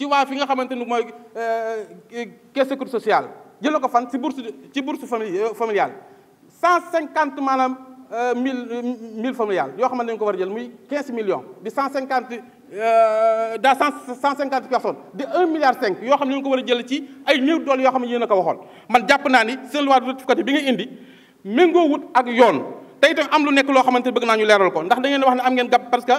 ci waa fi nga xamante ni mooy euh, caisse sécurité sociale jële ko fan ci bourse ci bourse euh, familiale cent cinquante maanaam euh, mille mille familiale yoo xamante dañu ko war a jël muy quinze millions di cent cinquante daa cent cinquante personnes di un milliard cinq yoo xam ne ñu ko war a jël ci ay yoo xam ne yéen a waxoon man jàpp naa ni seen loi de rectificative bi nga indi méngoo wut ak yoon te itam am lu nekk loo xamante bëgg naa ñu leeral ko ndax da ngeen wax ne am ngeen gàpp parce que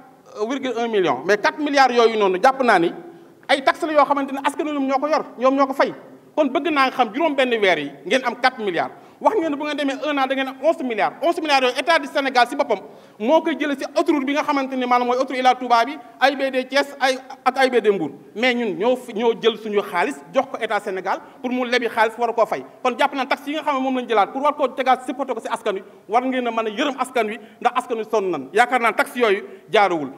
virgule un million mais 4 milliards yooyu noonu jàpp naa ni ay taxes la yoo xamante ne askan wi ñoo ko yor ñoom ñoo ko fay kon bëgg naa nga xam juróom benn weer yi ngeen am 4 milliards wax ngeen ne bu ngeen demee un an da ngeen ne onze milliards onze milliards yooyu état du Sénégal si boppam moo koy jëlee si autoroute bi nga xamante ne maanaam mooy autoroute Ila Touba bi AIBD Thiès ay ak AIBD Mbour mais ñun ñoo ñoo jël suñu xaalis jox ko état Sénégal pour mu lebi xaalis war a koo fay kon jàpp naa taxe yi nga xam ne moom lañ jëlaat pour war koo tegaat supporté ko si askan wi war ngeen a mën a yërëm askan wi ndax askan wi sonn nan yaakaar naa taxe yooyu jaaruwul